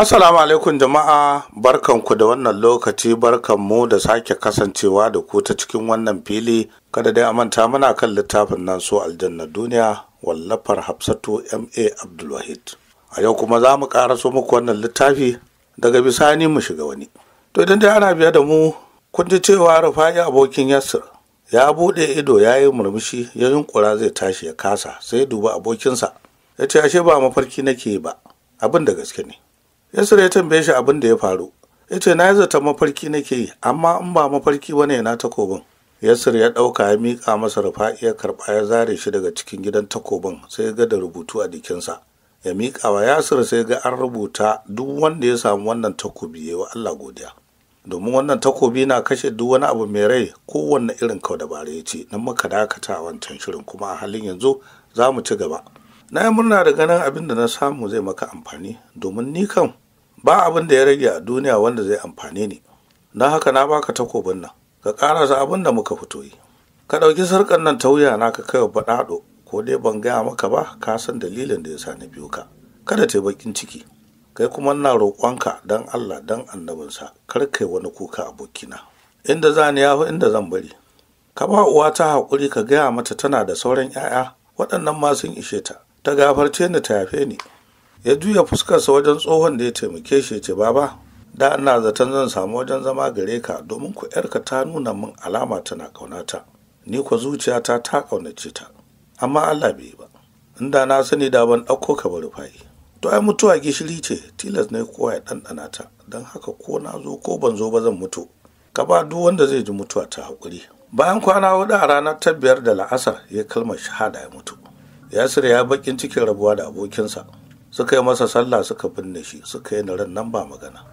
Assalamu alaikum jama'a barkanku da wannan lokaci barkanmu da sake kasancewa da ku ta cikin wannan fili kada dai a manta muna kan littafin nan so aljanna duniya wallafar Hafsatu MA Abdulwahid. A yau kuma za mu so muku wannan littafi daga bisani mu shiga wani. To idan dai ana biya da mu kun ji cewa Rufa'i abokin yasir ya buɗe ido ya yi murmushi ya yunkura zai tashi ya kasa sai ya duba abokinsa ya ce ashe ba mafarki nake ba abin da gaske ne. yasir ya tambaye shi abin da ya faru ya ce na yi zata mafarki nake yi amma in ba mafarki bane na takobin yasir ya ɗauka ya miƙa masa rufa ya karɓa ya zare shi daga cikin gidan takobin sai ya ga da rubutu a jikinsa ya miƙa wa yasir sai ga an rubuta duk wanda ya samu wannan takobi ya wa allah godiya domin wannan takobi na kashe duk wani abu mai rai kowanne irin kau dabara ya ce nan muka dakata a wancan shirin kuma a halin yanzu za mu ci gaba na yi murna da ganin abin da na samu zai maka amfani domin ni kan ba abin da ya rage a duniya wanda zai amfani ni na haka na baka takobin nan ka karasa abin da muka fito yi ka ɗauki sarƙar nan ta wuya na ka kai baɗaɗo ko dai ban gaya maka ba ka san dalilin da ya sa na biyo ka kada ta bakin ciki kai kuma na roƙonka don allah don annabinsa kar kai wani kuka abokina inda za ni yafi inda zan bari ka ba uwa ta haƙuri ka gaya mata tana da sauran 'ya'ya waɗannan ma sun ishe ta ta gafarce ni ta yafe ni ya juya fuskarsa wajen tsohon da ya taimake shi ce baba da ina zaton zan samu wajen zama gare ka domin ku yarka ta nuna min alama tana kaunata ni ko zuciyata ta kaunace ta amma Allah bai ba inda na sani da ban ɗauko ka bari fayi to ai mutuwa gishiri ce tilas ne kowa ya ɗanɗana ta don haka ko na zo ko ban zo ba zan mutu ka ba duk wanda zai ji mutuwa ta haƙuri bayan kwana hudu a ranar ta biyar da la'asar ya kalmar shahada ya mutu yasir ya bakin cikin rabuwa da abokinsa suka yi masa sallah suka binne shi suka yi ran nan ba magana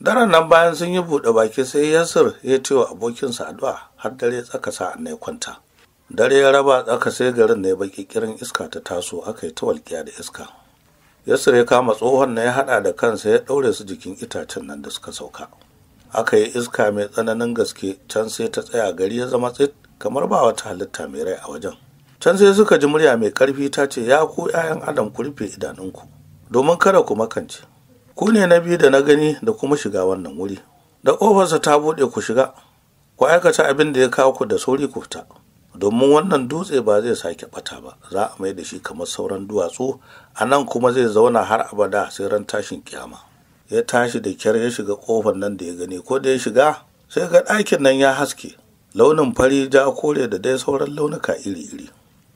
daren nan bayan sun yi buɗe baki sai yasir ya ce wa abokinsa addu'a har dare tsaka sa annai kwanta dare ya raba tsaka sai garin ne baki kirin iska ta taso aka yi ta da iska yasir ya kama tsohon na ya haɗa da kansa ya ɗaure su jikin itacen nan da suka sauka aka yi iska mai tsananin gaske can sai ta tsaya gari ya zama tsit kamar ba wata halitta mai rai a wajen can sai suka ji murya mai ƙarfi ta ce ya ku 'ya'yan adam ku rufe idanunku domin kada ku makance ku ne na biyu da na gani da kuma shiga wannan wuri da ƙofarsa ta buɗe ku shiga ku aikata abin da ya kawo ku da sauri ku fita domin wannan dutse ba zai sake ɓata ba za a mai da shi kamar sauran duwatsu a nan kuma zai zauna har abada sai ran tashin kiyama ya tashi da kyar ya shiga ƙofar nan da ya gani ko da ya shiga sai ga ɗakin nan ya haske launin fari ja kore da dai sauran launuka iri-iri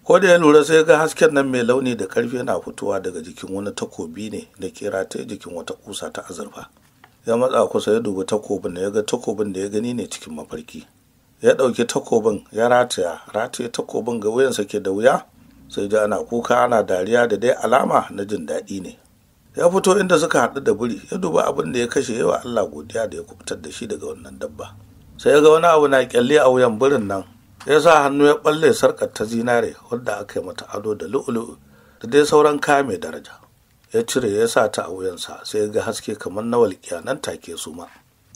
ko da ya lura sai ga hasken nan mai launi da karfi yana fitowa daga jikin wani takobi ne da ke rataye jikin wata kusa ta azurfa ya matsa kusa ya dubi takobin da ya ga takobin da ya gani ne cikin mafarki ya ɗauki takobin ya rataya rataye takobin ga wuyansa ke da wuya sai ji ana kuka ana dariya da dai alama na jin daɗi ne ya fito inda suka haɗu da biri, ya duba abin da ya kashe yawa Allah godiya da ya kubutar da shi daga wannan dabba sai ya ga wani abu na kyalle a wuyan birin nan ya sa hannu ya balle sarkar ta zinare wadda aka yi mata ado da lu'ulu'u da dai sauran kaya mai daraja ya cire ya sa ta a wuyansa sai ya ga haske kamar na walƙiya nan take su ma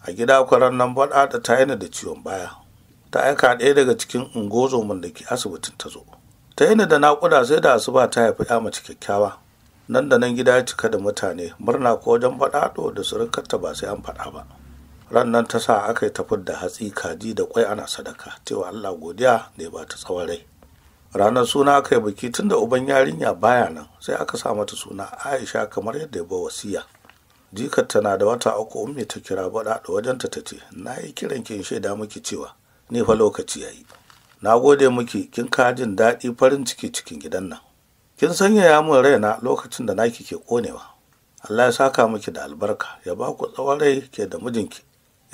a gida kwaran nan baɗa da ta yana da ciwon baya ta aika ɗaya daga cikin ungozoman da ke asibitin ta zo ta yana da naƙuda sai da asuba ta haifi ya mace kyakkyawa nan da nan gida ya cika da mutane murna ko wajen baɗaɗo da surukarta ba sai an faɗa ba Rannan ta sa aka yi tafi da hatsi kaji da kwai ana sadaka cewa allah godiya da ya ba ta tsawon rai ranar suna aka yi biki tun da uban yarinya baya nan sai aka sa mata suna aisha kamar yadda ya ba wasiya jikar tana da wata uku ummi ta kira baɗa da wajenta ta ce na yi kiran kin shaida miki cewa ni fa lokaci ya yi. na gode miki kin ka jin daɗi farin ciki cikin gidan nan kin sanyaya min raina lokacin da naki ke konewa Allah ya saka miki da albarka ya ba ku tsawon rai ke da mijinki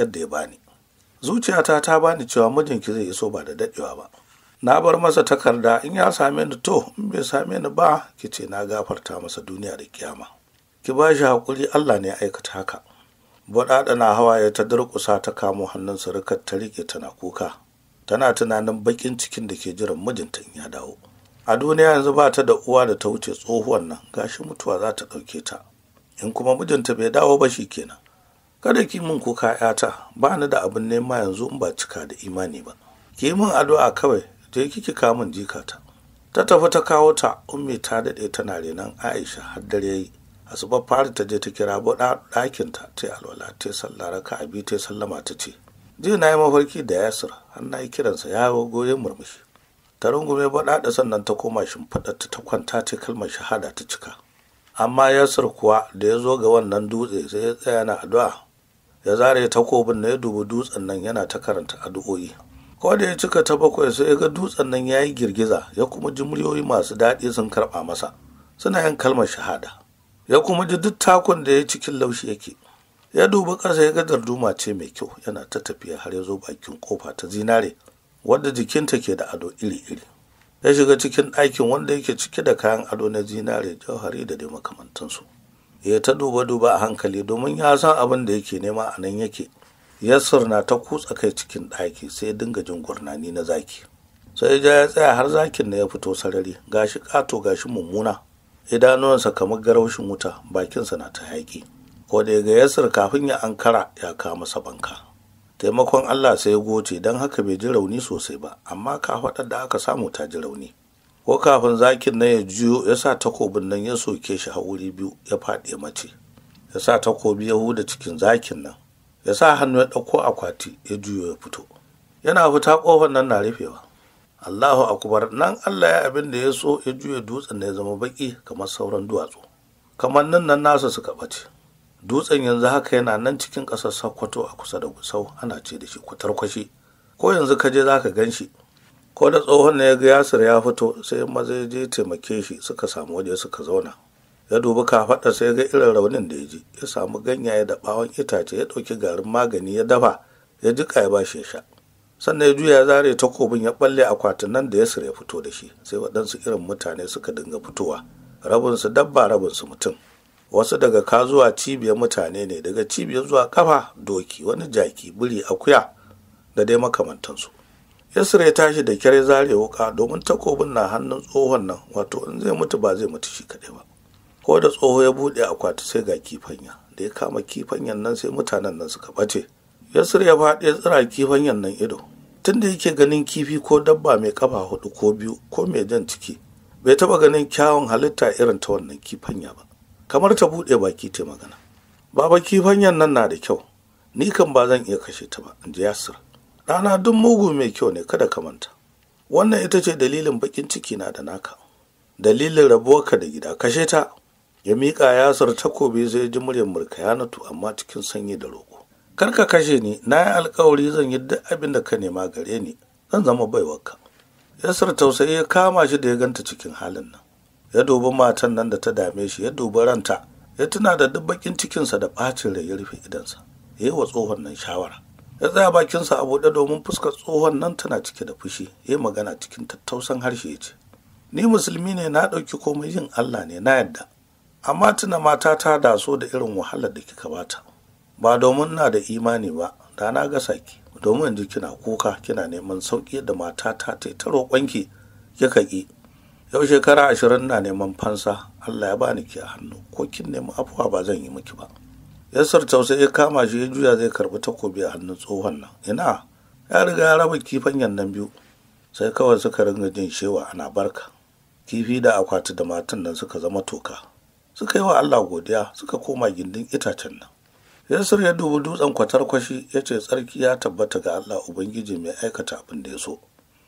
yadda ya bani zuciyata ta bani cewa mijinki zai so ba da daɗewa ba na bar masa takarda in ya same ni to in bai same ni ba ki ce na gafarta masa duniya da kiyama ki ba shi haƙuri allah ne ya aikata haka baɗaɗa na hawaye ta durƙusa ta kamo hannun surukar ta riƙe tana kuka tana tunanin baƙin cikin da ke jiran mijinta in ya dawo a duniya yanzu ba ta da uwa da ta wuce tsohuwan nan gashi mutuwa za ta ɗauke ta in kuma mijinta bai dawo ba shi kenan kada ki min kuka yata ba ni da abin nema yanzu in ba cika da imani ba ki min addu'a kawai je kike kamun jika ta tafi ta kawo ta ummi ta daɗe tana renon aisha har dare yayi asuba fara ta je ta kira buɗa ɗakinta ta yi alwala ta yi sallah raka abi ta sallama ta ce jiya na yi mafarki da yasir har na yi kiransa ya goyon murmushi ta rungume baɗa da sannan ta koma shimfiɗa ta kwanta ta kalmar shahada ta cika amma yasir kuwa da ya zo ga wannan dutse sai ya tsaya na addu'a ya zare takobin na ya dubi dutsen nan yana ta karanta addu'o'i ko da ya cika ta bakwai sai ya ga dutsen nan ya yi girgiza ya kuma ji muryoyi masu daɗi sun karɓa masa suna yin kalmar shahada ya kuma ji duk takon da ya cikin laushi yake ya dubi ƙasa ya ga darduma ce mai kyau yana ta tafiya har ya zo bakin kofa ta zinare wadda jikinta ke da ado iri-iri ya shiga cikin ɗakin wanda yake cike da kayan ado na zinare jauhari da dai makamantansu ya ta duba duba a hankali domin ya san abin da yake nema a nan yake yassir na ta kutsa kai cikin ɗaki sai ya dinga jin gurnani na zaki sai ja ya tsaya har zakin na ya fito sarari gashi ƙato gashi mummuna idanuwansa kamar garaushin wuta bakinsa na ta yaƙi ko da ga yassir kafin ya ankara ya kama masa banka taimakon allah sai ya goce don haka bai ji rauni sosai ba amma kafaɗar da aka samu ta ji rauni ko kafin zakin nan ya juyo ya sa takobin nan ya soke shi a wuri biyu ya faɗi mace ya sa takobi ya huda cikin zakin nan ya sa hannu ya ɗauko akwati ya juyo ya fito yana fita ƙofar nan na rufewa Allahu akubar nan Allah ya abin da ya so ya juya dutsen da ya zama baki kamar sauran duwatsu kamar nan nan nasa suka ɓace dutsen yanzu haka yana nan cikin ƙasar sakkwato a kusa da Gusau ana ce da shi kwatarkwashi ko yanzu ka je za ka gan shi ko da tsohon na ya ga yasir ya fito sai maza ya je taimake shi suka samu waje suka zauna ya dubi kafaɗa sai ga irin raunin da ya ji ya samu ganyaye da ɓawon itace ya ɗauki garin magani ya dafa ya jiƙa ya bashi ya sha sannan ya juya ya zare takobin ya ɓalle akwatin nan da yasir ya fito da shi sai waɗansu irin mutane suka dinga fitowa rabinsu dabba rabinsu mutum wasu daga ka zuwa cibiyar mutane ne daga cibiyar zuwa kafa doki wani jaki biri akuya da dai makamantansu yasir ya tashi da kyar zare wuka domin takobin na hannun tsohon nan wato in zai mutu ba zai mutu shi kaɗai ba ko da tsoho ya buɗe akwati sai ga kifanya da ya kama kifanyan nan sai mutanen nan suka ɓace yasir ya faɗi ya tsira kifanyan nan ido tunda yake ganin kifi ko dabba mai kafa hudu ko biyu ko mai jan ciki bai taɓa ganin kyawun halitta irin ta wannan kifanya ba kamar ta buɗe baki ta magana baba kifanyan nan na da kyau ni kan ba zan iya kashe ta ba in ji yasir ɗana duk mugu mai kyau ne kada ka manta wannan ita ce dalilin bakin ciki na da naka dalilin rabuwarka da gida kashe ta ya miƙa yasar takobi zai ji muryar murkayanatu amma cikin sanyi da roƙo kar ka kashe ni na yi alkawari zan yi duk abin da ka nema gare ni zan zama baiwarka yasar tausayi ya kama shi da ya ganta cikin halin nan ya dubi matan nan da ta dame shi ya dubi ranta ya tuna da duk bakin cikinsa da ɓacin rai ya rufe idansa ya yi wa tsohon nan shawara ya tsaya bakinsa a buɗe domin fuskar tsohon nan tana cike da fushi ya magana cikin tattausan harshe ya ce ni musulmi ne na ɗauki komai yin allah ne na yadda amma tuna mata ta so da irin wahalar da kika bata ba domin na da imani ba da na gasa ki domin yanzu kina kuka kina neman sauƙi da mata ta ta ta roƙonki kika ƙi yau shekara ashirin na neman fansa allah ya bani ki a hannu ko kin nemi afuwa ba zan yi miki ba yasar tausayi ya kama shi ya juya zai karɓi takobi a hannun tsohon nan ina ya riga ya raba kifan yannan biyu sai kawai suka ringa jin shewa ana barka kifi da akwati da matan nan suka zama toka suka yi wa allah godiya suka koma gindin itacen nan yasir ya dubi dutsen kwatarkwashi ya ce tsarki ya tabbata ga allah ubangiji mai aikata abin da ya so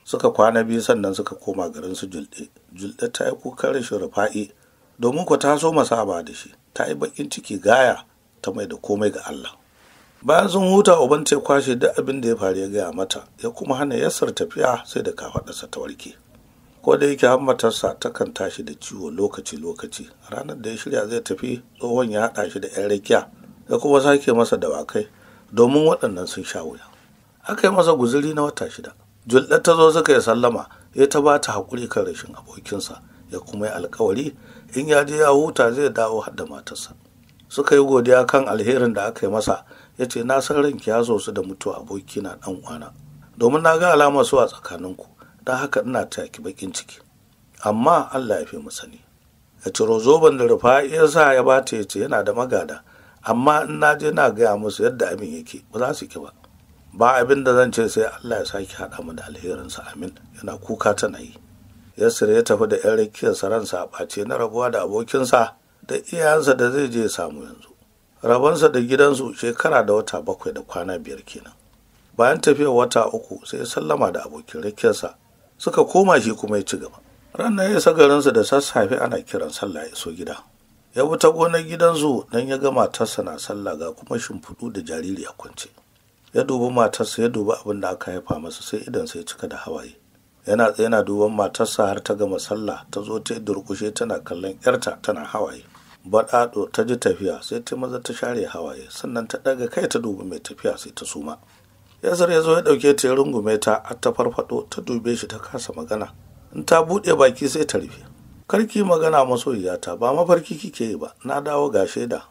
suka kwana biyu sannan suka koma garin su julɗe julɗe ta yi kukan shi rufa'i domin ku ta so masaba da shi ta yi bakin ciki gaya ta mai da komai ga Allah bayan sun huta uban ta kwashe duk abin da ya faru ya gaya mata ya kuma hana yassar tafiya sai da kafaɗarsa ta warke ko da yake hammatarsa takan tashi da ciwo lokaci lokaci ranar da ya shirya zai tafi tsohon ya haɗa shi da yan rakiya ya kuma sake masa dawakai domin waɗannan sun sha wuya aka yi masa guzuri na wata shida julɗa ta zo suka yi sallama ya ta ba ta haƙuri kan rashin abokinsa ya kuma yi alkawari in ya je ya huta zai dawo har da matarsa suka yi godiya kan alherin da aka yi masa ya ce na san ranki ya zo su da mutuwa abokina dan uwana domin na ga alama su a tsakaninku don haka ina taki bakin ciki amma allah ya fi mu sani ya ciro zoben da rufa ya sa ya bata ya ce yana da magada amma in na je na gaya musu yadda abin yake ba za su ki ba ba abin da zan ce sai allah ya sake haɗa mu da alherinsa amin yana kuka tana yi yasir ya tafi da yan rakiyarsa ransa a ɓace na rabuwa da abokinsa da iyayensa da zai je ya samu yanzu rabonsa da gidansu shekara da wata bakwai da kwana biyar kenan bayan tafiyar wata uku sai ya sallama da abokin rikiyarsa suka koma shi kuma ya ci gaba ranar ya isa garinsa da sassafe ana kiran sallah ya iso gida ya bi ta gonar gidansu don ya ga matarsa na sallah ga kuma shimfiɗu da jariri a kwance ya dubi matarsa ya dubi abin da aka haifa masa sai idan sai cika da hawaye yana tsaye na duban matarsa har ta gama sallah ta zo ta durƙushe tana kallon yarta tana hawaye baɗaɗo ta ji tafiya sai ta maza ta share hawaye sannan ta ɗaga kai ta dubi mai tafiya sai ta suma yasar ya zo ya ɗauke ta ya rungume ta a ta farfaɗo ta dube shi ta kasa magana in ta buɗe baki sai ta rufe karki magana masoyiyata ba mafarki kike yi ba na dawo ga shaida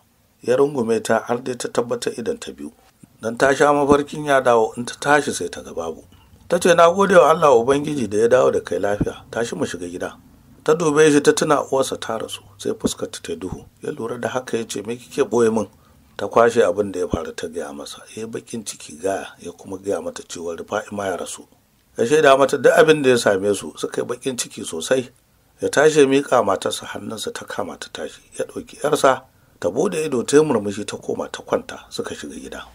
ya rungume ta har dai ta tabbatar idan ta biyu dan ta sha mafarkin ya dawo in ta tashi sai ta ga babu ta ce na gode wa Allah ubangiji da ya dawo da kai lafiya tashi mu shiga gida ta dube shi ta tuna uwarsa ta rasu sai fuskarta ta duhu ya lura da haka ya ce me kike boye min ta kwashe abin da ya faru ta gaya masa ya bakin ciki gaya ya kuma gaya mata cewa rufa'ima ya rasu ya shaida mata duk abin da ya same su suka yi bakin ciki sosai ya tashi ya miƙa matarsa hannunsa ta kama ta tashi ya ɗauki yarsa ta bude ido ta yi murmushi ta koma ta kwanta suka shiga gida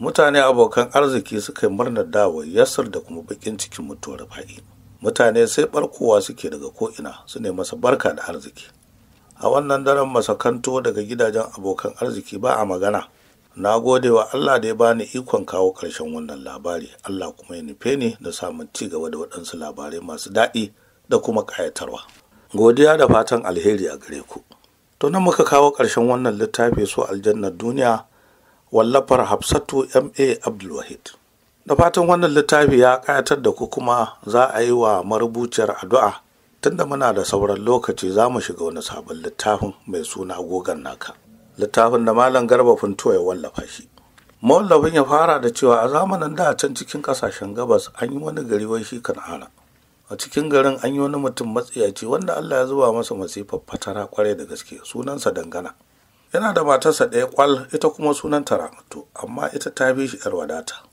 mutane abokan arziki suka yi murnar dawo yasar da kuma bakin cikin mutuwar fa'i mutane sai barkowa suke daga ko'ina su ne masa barka da arziki a wannan daren masakanto daga gidajen abokan arziki ba a magana na gode wa allah da ya bani ikon kawo ƙarshen wannan labari allah kuma ya nufe ni da samun ci gaba da waɗansu labarai masu daɗi da kuma ƙayatarwa godiya da fatan alheri a gare ku to nan muka kawo ƙarshen wannan littafi so aljannar duniya wallafar hafsatu ma abdulwahid da fatan wannan littafi ya kayatar da ku kuma za a yi wa marubuciyar addu'a tunda muna da sauran lokaci za mu shiga wani sabon littafin mai suna gogan naka littafin da malam garba funto ya wallafa shi mawallafin ya fara da cewa a zamanin da can cikin kasashen gabas an yi wani gari wai shi kan'ana a cikin garin an yi wani mutum matsiyaci wanda allah ya zuba masa masifar fatara kwarai da gaske sunansa dangana yana da matarsa ɗaya kwal ita kuma sunanta ramatu amma ita ta bi shi yar wadata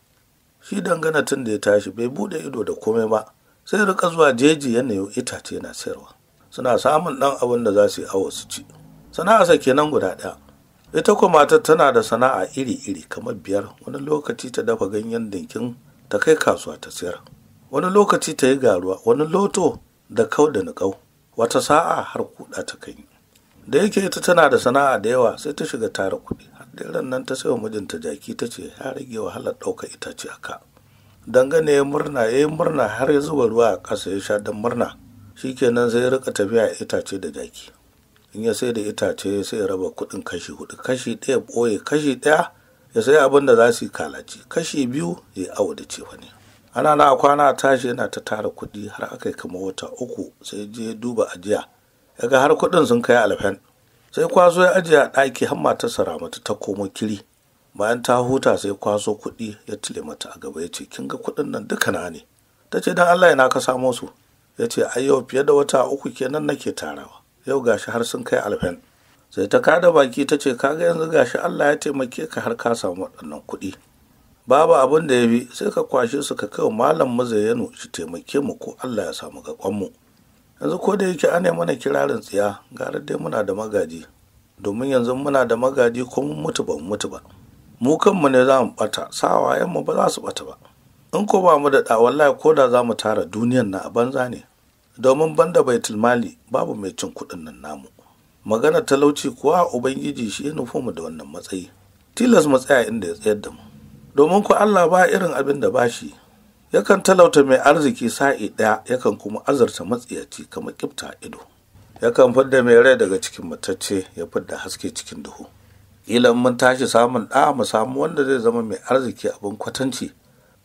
shi dangana tun da ya tashi bai bude ido da komai ba sai rika zuwa jeji ya yau itace na sayarwa suna samun dan abin da za su yi awo su ci sana'arsa kenan guda ɗaya ita ku matar tana da sana'a iri-iri kamar biyar wani lokaci ta dafa ganyen dinkin ta kai kasuwa ta sayar wani lokaci ta yi garuwa wani loto da kau da niƙau wata sa'a har kuɗa ta kai da yake ita tana da sana'a da yawa sai ta shiga tara kuɗi ran nan ta sai wa mijinta jaki ta ce ya rage wahalar ɗaukar itace haka dangane ya murna ya yi murna har ya zuba ruwa a ƙasa ya sha don murna shikenan sai ya rika tafiya itace da jaki in ya sai da itace sai ya raba kuɗin kashi hudu kashi ɗaya ɓoye kashi ɗaya ya sai abin da za su yi kalaci kashi biyu ya awo da ce wani ana na kwana tashi yana ta tara kuɗi har aka yi kama wata uku sai je duba ajiya ya ga har kuɗin sun kai alfen sai kwazo ya ajiye a ɗaki har matarsa ramatu ta komo kiri bayan ta huta sai kwazo kuɗi ya tile mata a gaba ya ce kin ga kuɗin nan duka na ne ta ce don allah yana ka samo su ya ce ai yau fiye da wata uku kenan nake tarawa yau gashi har sun kai alfen sai ta kada baki ta ce kaga yanzu gashi allah ya taimake ka har ka samu waɗannan kuɗi babu abin da ya bi sai ka kwashe su ka kai malam mazayyano shi taimake mu ko allah ya samu ga mu yanzu ko da yake ana mana kirarin tsiya gara dai muna da magaji domin yanzu muna da magaji ko mun mutu ba mutu ba mu kanmu ne za mu bata sawayen mu ba za su bata ba in ko ba mu da da wallahi ko da za mu tara duniyan na a banza ne domin banda bai tilmali, babu mai cin kuɗin nan namu magana talauci kuwa ubangiji shi ya nufo mu da wannan matsayi tilas mu tsaya inda ya tsayar da mu domin ku Allah ba irin abin da ba shi yakan talauta mai arziki sa'i ɗaya yakan kuma azarta matsiyaci kamar kifta ido yakan fidda mai rai daga cikin matacce ya fidda haske cikin duhu ƙila mun tashi samun ɗa mu samu wanda zai zama mai arziki abin kwatanci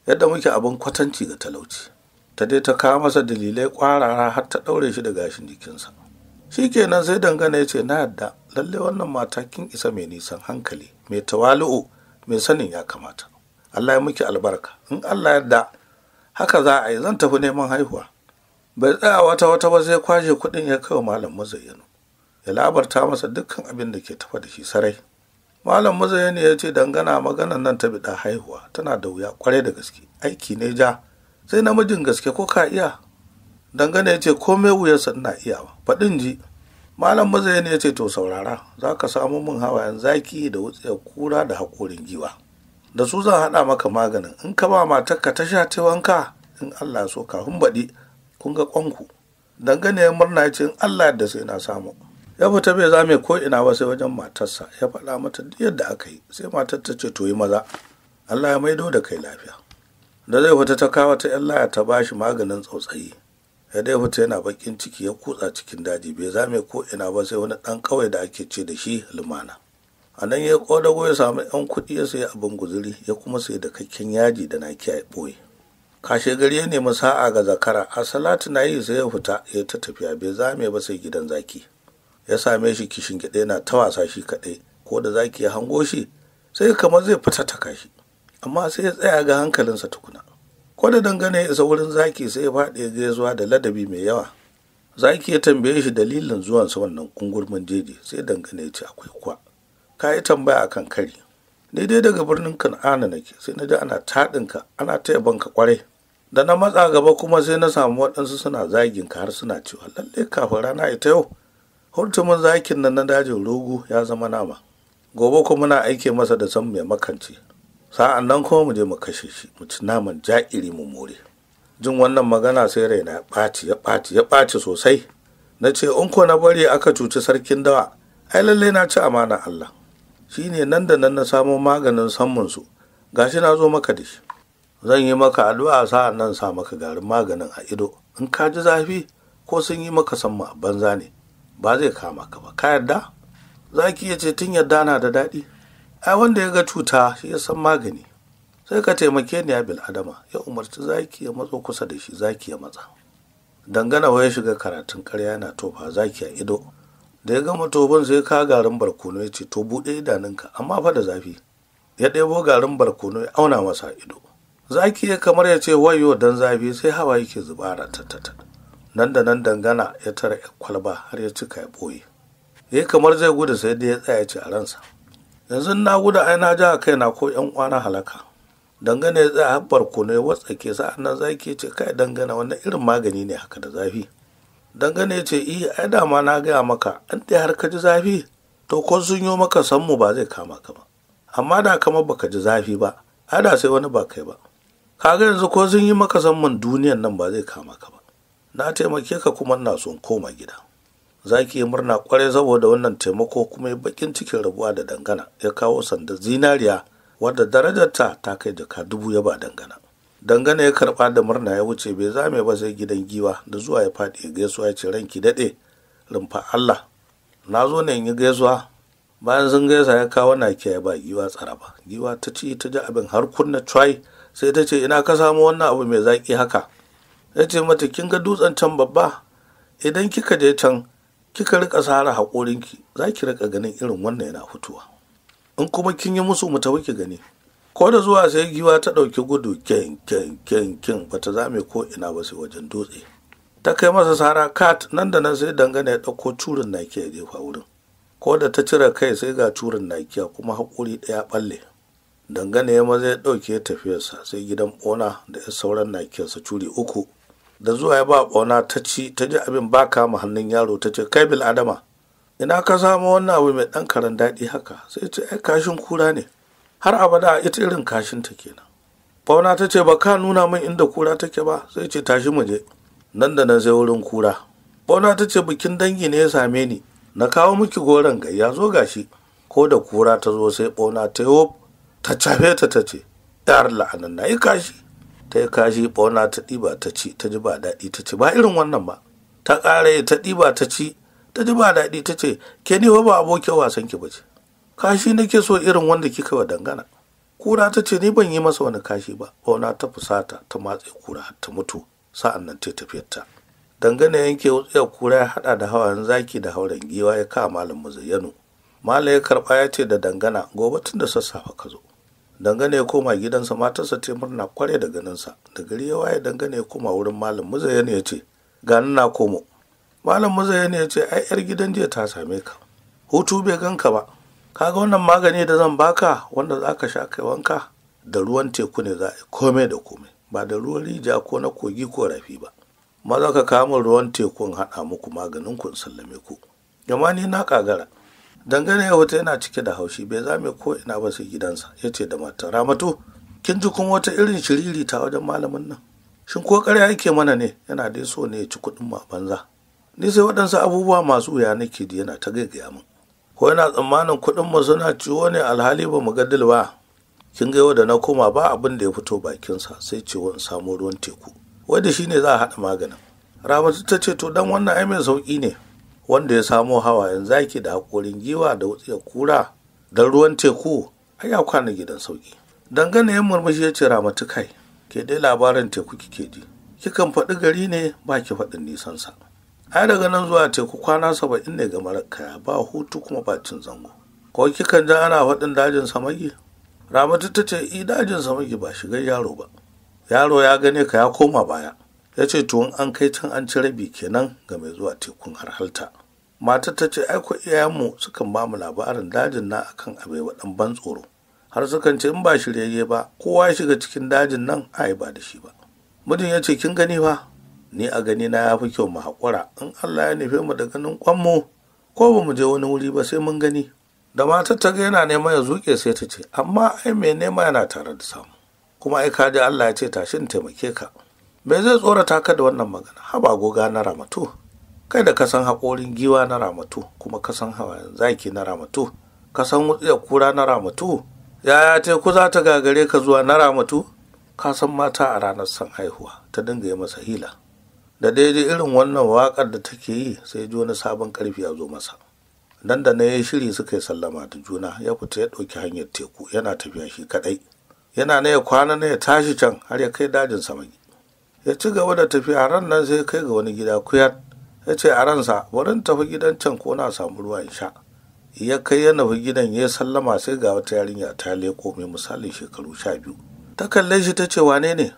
yadda muke abin kwatanci ga talauci ta dai ta kawo masa dalilai ƙwarara har ta ɗaure shi da gashin jikinsa shi kenan sai dangane ya ce na yadda lalle wannan mata kin isa mai nisan hankali mai tawali'u mai sanin ya kamata Allah ya muke albarka in Allah yadda haka za a yi zan tafi neman haihuwa bai tsaya wata wata ba sai kwashe kuɗin ya kai wa malam mazayyano ya labarta masa dukkan abin da ke tafa da shi sarai malam mazayyano ya ce dangana maganan nan ta biɗa haihuwa tana da wuya kwarai da gaske aiki ne ja sai namijin gaske ko ka iya dangane ya ce kome wuyarsa ina iya. faɗin ji malam mazayyano ya ce to saurara za ka samu min hawayen zaki da wutsiyar kura da haƙorin giwa da su zan haɗa maka maganin in ka ba matarka ta sha ta wanka in allah so kafin baɗi kun ga ƙwanku dangane murna ce in allah yadda sai na samu ya fita bai zame ko ina ba sai wajen matarsa ya faɗa mata duk yadda aka yi sai matar ta ce to yi maza allah ya maido da kai lafiya da zai fita ta kawo ta yan laya ta ba shi maganin tsautsayi ya dai fita yana bakin ciki ya kutsa cikin daji bai zame ko ina ba sai wani ɗan kawai da ake ce da shi lumana a nan ya kodago ya samu 'yan kuɗi ya sayi abin guzuri ya kuma sayi da kakken yaji da na ya boye kashe gari ya nemi sa'a ga zakara a salatu na yi sai ya fita ya ta tafiya bai zame ba sai gidan zaki ya same shi kishin gyaɗe yana ta wasa shi kaɗai ko da zaki ya hango shi sai kamar zai fita ta kashi amma sai ya tsaya ga hankalinsa tukuna ko da dangane ya isa wurin zaki sai ya faɗi ya zuwa da ladabi mai yawa zaki ya tambaye shi dalilin zuwansa wannan kungurmin jeji sai dangane ya ce akwai kwa ka yi tambaya a kan kari daidai daga birnin kan'ana nake sai na ji ana taɗinka ana taya banka kwarai da na matsa gaba kuma sai na samu waɗansu suna zagin ka har suna cewa lallai kafin rana ita yau hurtumin zakin nan na dajin rogo ya zama nama gobe kuma muna aike masa da san mai makance sa'an nan kuma mu je mu kashe shi mu ci naman ja'iri mu more jin wannan magana sai raina ya ɓaci ya ɓaci ya ɓaci sosai na ce in ko na bari aka cuci sarkin dawa ai lallai na ci amana Allah Shi ne nan da nan na samo maganin sammunsu gashi na zo maka da shi zan yi maka addu'a sa'an nan sa maka garin maganin a ido in ka ji zafi ko sun yi maka sammu a banza ne ba zai kama ka ba ka yarda za ki ce tun yarda na da daɗi ai wanda ya ga cuta shi ya san magani sai ka taimake ni bil adama ya umarci zaki ya matso kusa da shi zaki ya matsa dangana ya shiga karatun karya yana tofa zaki a ido da ya gama toban sai ka garin barkono ya ce to buɗe idanunka amma fa da zafi ya ɗebo garin barkono ya auna masa ido zaki ya kamar ya ce wayo dan zafi sai hawa yake zubara tattata nan da nan dangana ya tara kwalba har ya cika ya ɓoye ya kamar zai gudu sai dai ya tsaya ce a ransa yanzu na gudu ai na ja kai na ko yan na halaka dangane ya tsaya har barkono ya watsake sa'an nan zaki ya ce kai dangana wannan irin magani ne haka da zafi dangane ce i eh, ai dama na gaya maka an dai har ka ji zafi to ko sun yi maka san mu ba zai kama ka ba amma da kama baka ji zafi ba ai da sai wani ba kai ba kaga yanzu ko sun yi maka san mun duniyan nan ba zai kama ka ba na taimake ka kuma na son koma gida Zaki yi murna kwarai saboda wannan taimako kuma ya bakin cikin rabuwa da dangana ya kawo sandar zinariya wadda darajarta ta kai jaka dubu ya ba dangana dangane ya karɓa da murna ya wuce bai zame ba sai gidan giwa da zuwa ya faɗi ya gaisuwa ya ce ranki daɗe rumfa allah na zo ne in yi gaisuwa bayan sun gaisa ya kawo na ya ba giwa ba. giwa ta ci ta ji abin har kunna cwai sai ta ce ina ka samu wannan abu mai zaƙi haka ya ce mata kin ga dutsen can babba idan kika je can kika rika sara haƙorinki za ki rika ganin irin wannan yana fitowa in kuma kin yi musu mu ta ki gani ko da zuwa sai giwa ta ɗauki gudu ken ken ken ken bata zame ko ina ba sai wajen dutse ta kai masa sara kat nan da nan sai dangane ya ɗauko curin nakiya ya jefa wurin ko da ta cire kai sai ga curin nakiya kuma haƙuri ɗaya ɓalle dangane ya maza ya ɗauke tafiyarsa sai gidan ɓona da ya sauran nakiyarsa curi uku da zuwa ya ba ɓona ta ci ta ji abin ba kama hannun yaro ta ce kai bil adama ina ka samu wannan abu mai ɗan karen daɗi haka sai ce ai kashin kura ne har abada a ita irin kashin ta kenan bauna ta ce ba ka nuna min inda kura take ba sai ce tashi mu je nan da nan sai wurin kura bauna ta ce bikin dangi ne ya same ni na kawo miki goron gayya zo gashi ko da kura ta zo sai bauna ta yi ta cafe ta ta ce yar la'anan na yi kashi ta yi kashi bauna ta ɗiba ta ci ta ji ba daɗi ta ce ba irin wannan ba ta ƙara ta ɗiba ta ci ta ji ba daɗi ta ce ke ni ba abokin wasan ki ba ce kashi nake so irin wanda kika wa dangana kura ta ce ni ban yi masa wani kashi ba bauna ta fusata ta matse kura ta mutu sa'an nan ta tafiyar ta dangane yanke wutsiyar kura ya haɗa da hawan zaki da hauren giwa ya kama malam muzayyano malam ya karɓa ya ce da dangana gobe tun da sassafe ka zo dangane ya koma gidansa matarsa ta murna kware da ganinsa da gari ya waye dangane ya koma wurin malam muzayyano ya ce gani na komo malam muzayyano ya ce ai yar gidan jiya ta same ka hutu bai ganka ba kaga wannan magani da zan baka wanda za ka sha kai wanka da ruwan teku ne za a komai da komai ba da ruwan rija ko na kogi ko rafi ba maza ka kama ruwan tekun haɗa muku maganin kun sallame ku gama ni na kagara dangane ya wata yana cike da haushi bai zame ko ina ba sai gidansa ya ce da mata ramatu kin ji kuma wata irin shiriri ta wajen malamin nan shin ko ƙarya yake mana ne yana dai so ne ya ci kuɗin ma banza ni sai waɗansu abubuwa masu wuya nake ji yana ta gaigaya min ko yana tsammanin kuɗin mu suna ciwo ne alhali ba mu ga dil ba kin ga yau da na koma ba abin da ya fito bakinsa sai ciwo samo ruwan teku wanda ne za a haɗa maganin ramatu ta ce to dan wannan ai mai sauƙi ne wanda ya samo hawayen zaki da haƙorin giwa da wutsiyar kura da ruwan teku ai ya kwana gidan sauƙi dangane yin murmushi ya ce ramatu kai ke dai labarin teku kike ji kikan faɗi gari ne ba ki faɗin nisansa ai daga nan zuwa teku kwana saba'in ne ga marakaya ba hutu kuma ba cin zango ko kikan ji ana faɗin dajin samaki ramatu ta ce i eh, dajin samaki ba shiga yaro ba yaro ya gane ka ya koma baya ya ce tuwon an kai can an ci rabi kenan ga mai zuwa tekun harhalta mata ta ce aiko iyayenmu sukan ba mu labarin dajin na akan abai waɗan ban tsoro har sukan ce in ba shiryayye ba kowa ya shiga cikin dajin nan a ba da shi ba mijin ya ce kin gani ba? ni a gani na ya fi kyau mu haƙura in allah ya nufe mu da ganin kwanmu ko ba mu je wani wuri ba sai mun gani da matar ta ga yana nema ya zuke sai ta ce amma ai mai nema yana tare da samu kuma ai ka ji allah ya ce tashi in taimake ka me zai tsorata ka da wannan magana haba goga na ramatu kai da kasan haƙorin giwa na ramatu kuma kasan hawayen zaki na ramatu kasan wutsiyar kura na ramatu yaya ku za ta gagare ka zuwa na ramatu kasan mata a ranar san haihuwa ta dinga yi masa hila da daidai irin wannan waƙar da take yi sai ji sabon ƙarfi ya zo masa dan da na ya shiri suka yi sallama da juna ya fita ya ɗauki hanyar teku yana tafiya shi kaɗai yana na ya kwana na ya tashi can har ya kai dajin samaki ya ci gaba da tafiya ran nan sai kai ga wani gida kuyar ya ce a ransa bari tafi gidan can ko na samu ruwa in sha ya kai ya nufi gidan ya sallama sai ga wata yarinya ta leko mai misalin shekaru sha biyu ta kalle shi ta ce wane ne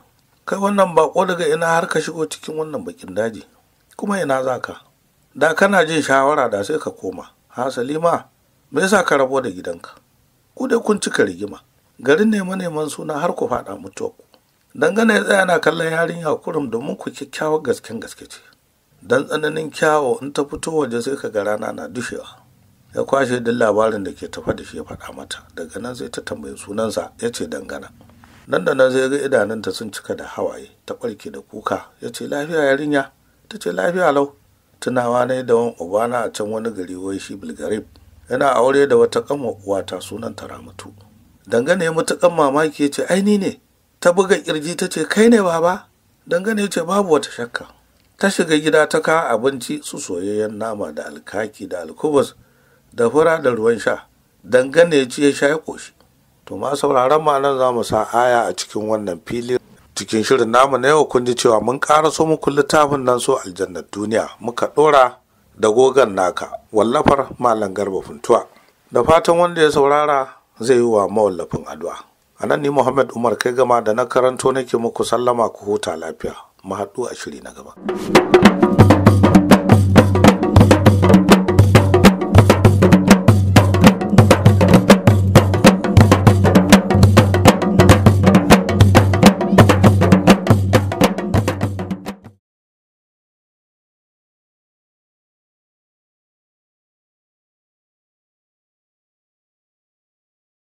kai wannan bako daga ina har ka shigo cikin wannan bakin daji kuma ina za ka da kana jin shawara da sai ka koma ha salima me yasa ka rabo da gidanka ku dai kun cika rigima garin neman neman suna har ku faɗa mutuwa ku dangane tsaya na kallon yarinya yakurum domin ku kyakkyawar gasken gaske ce dan tsananin kyawo in ta fito waje sai ka ga rana na dushewa ya kwashe duk labarin da ke tafa da shi ya faɗa mata daga nan sai ta tambayi sunansa ya ce dangana nan da nan zai ga idanunta sun cika da hawaye ta ɓarke da kuka ya ce lafiya yarinya ta ce lafiya lau tunawa ne da wani ubana a can wani gari wai shi bilgarib yana aure da wata kanwa uwata sunan taramatu dangane matukan mamaki ya ce aini ne ta buga kirji ta ce kai ne baba dangane ya ce babu wata shakka ta shiga gida ta kawo abinci su soyayyen nama da alkaki da alkubus da fura da ruwan sha dangane ya ce ya sha ya ƙoshi to ma sauraron ma nan za mu sa aya a cikin wannan filin? cikin shirin namu na yau kun ji cewa mun so muku littafin nan so aljannar duniya muka ɗora da gogan naka wallafar malam garba funtuwa da fatan wanda ya saurara zai yi wa mawallafin addu'a a nan ni muhammad umar kai gama da na karanto nake muku sallama ku huta lafiya mu haɗu a shiri na gaba